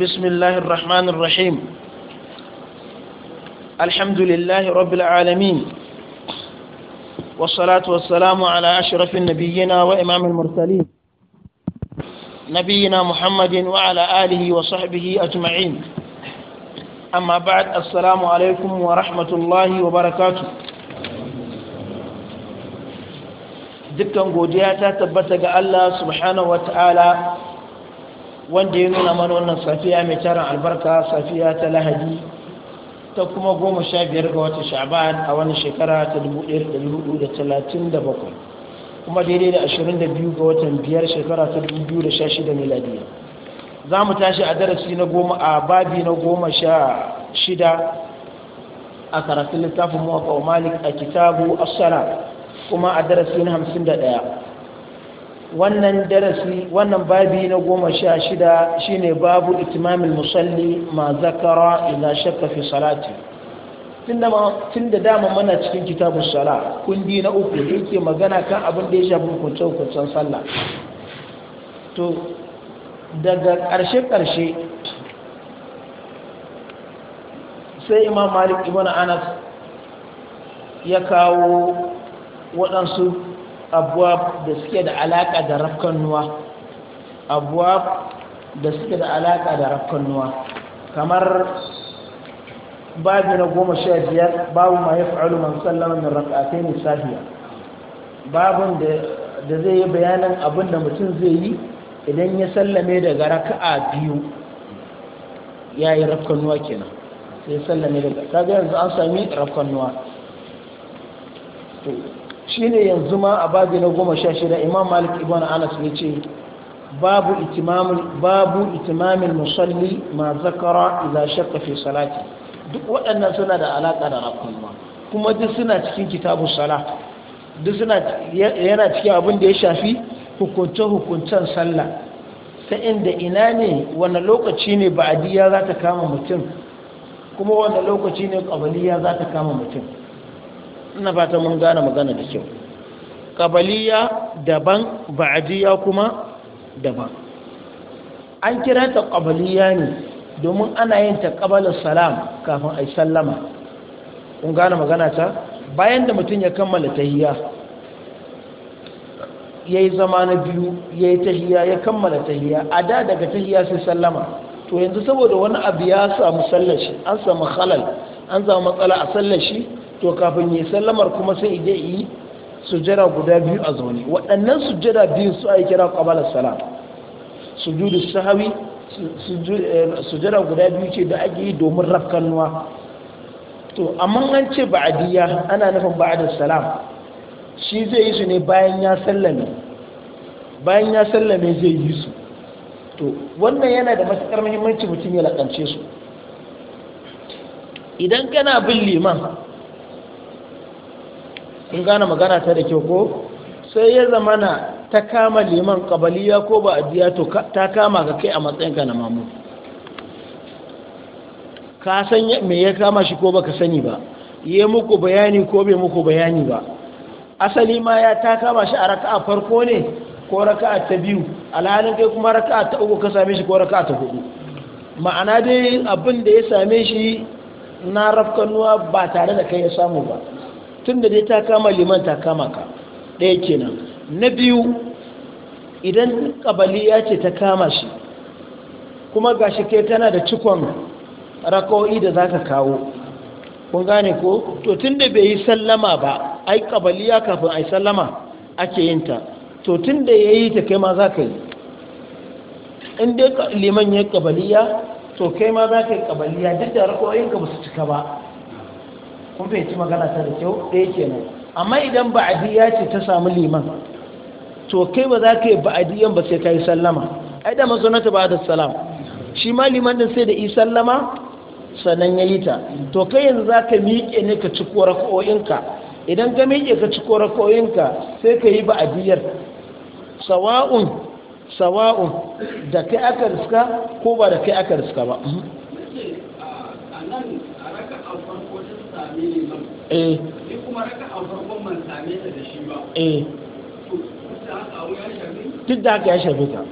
بسم الله الرحمن الرحيم الحمد لله رب العالمين والصلاة والسلام على أشرف النبيين وإمام المرسلين نبينا محمد وعلى آله وصحبه أجمعين أما بعد السلام عليكم ورحمة الله وبركاته دكتور جودياتا تبتغى الله سبحانه وتعالى wanda ya nuna mana wannan safiya mai tarin albarka safiya ta lahadi ta kuma goma sha biyar ga wata sha'ban a wani shekara ta 1437 kuma daidai da 22 ga watan biyar shekara ta 2016 miladiya za mu tashi a darasi na goma a babi na goma sha shida a karatun littafin wa malik a kitabu as kuma a darasi na 51 wannan darasi wannan babi na goma sha shida shine babu itimamin musalli ma zakara ila shakka fi salati tun da dama mana cikin kitabun sala kundi na uku da yake magana kan abin da ya shafi hukuncen hukuncen sallah to daga ƙarshe-ƙarshe sai imam malik ibn anas ya kawo waɗansu abuwa da suke da alaƙa da rafkannuwa abuwa da suke da alaƙa da rafkannuwa kamar babu na goma sha biyar babu ma ya fa'alu man sallama min raka'atai ne sahiya, babun da zai yi bayanin abin da mutum zai yi idan ya sallame daga raka'a biyu ya yi nuwa kenan sai sallame daga kaga yanzu an sami nuwa. shine yanzu ma a babi na goma sha shida imam malik ibn anas ya ce babu itimamin musalli ma zakara idza shakka fi salati duk waɗannan suna da alaka da rakuma kuma duk suna cikin kitabun sala duk suna yana cikin abin da ya shafi hukunce hukuncen sallah ta inda ina ne wani lokaci ne ba'adiyya za ta kama mutum kuma wani lokaci ne ƙabaliya za ta kama mutum ina fata mun gane magana da kyau kabaliya daban ba'adiyya kuma daban an kira ta kabaliya ne domin ana yin ta kabalar salam kafin a yi sallama kun gane magana ta bayan da mutum ya kammala tahiyya ya yi zama na biyu ya yi tahiyya ya kammala tahiya, a da daga tahiya sai sallama to yanzu saboda wani abu ya samu sallashi an samu halal an samu matsala a sallashi to kafin yi sallamar kuma sai ije yi sujjada guda biyu a zaune waɗannan sujjada biyu su a yi kira ƙwabalar salam sujudu sahawi eh, sujjada guda biyu ce da ake yi domin rafkanuwa to amma an ce ba'adiyya ana nufin ba'adar salam shi zai yi su ne bayan ya sallame bayan ya sallame zai yi su to wannan yana da matuƙar muhimmanci mutum ya laƙance su idan kana bin liman kun gane magana ta da kyau ko sai ya na ta kama liman kabaliya ko ba biya to ta kama ka kai a matsayinka na mamu ka san me ya kama shi ko baka sani ba yi muku bayani ko bai muku bayani ba asali ma ya ta kama shi a raka'a farko ne ko raka'a ta biyu alhalin kai kuma raka'a ta uku ka same shi ko raka'a ta hudu ma'ana dai abin da ya same shi na rafkanuwa ba tare da kai ya samu ba tun da dai ta kama liman ta kama ka ɗaya kenan na biyu idan ƙabaliya ce ta kama shi kuma ga shi kai tana da cikon raka'o'i da za ka kawo kun gane ko to tun da bai yi sallama ba ai ƙabaliya kafin ai sallama ake yin ta to tun da ya yi ta kai ma za ka yi in dai liman ya ƙabaliya to kai ma za ka yi ƙabaliya duk da ka ba su cika ba kun ci magana ta da kyau ɗaya eh, kenan amma idan ba'adiyya ce ta samu liman to kai ba za ka yi ba'adiyyan ba sai ka yi sallama ai da mazaunata ba da salam shi ma liman din sai da yi sallama sannan ya yi ta to kai yanzu za ka miƙe ne ka ci ka, idan ka miƙe ka ci ka sai ka yi ba'adiyyar sawa'un sawa'un da kai aka riska ko ba da kai aka riska ba eh kuma raka a farkon man same ta da shi ba eh duk da haka ya shafe ta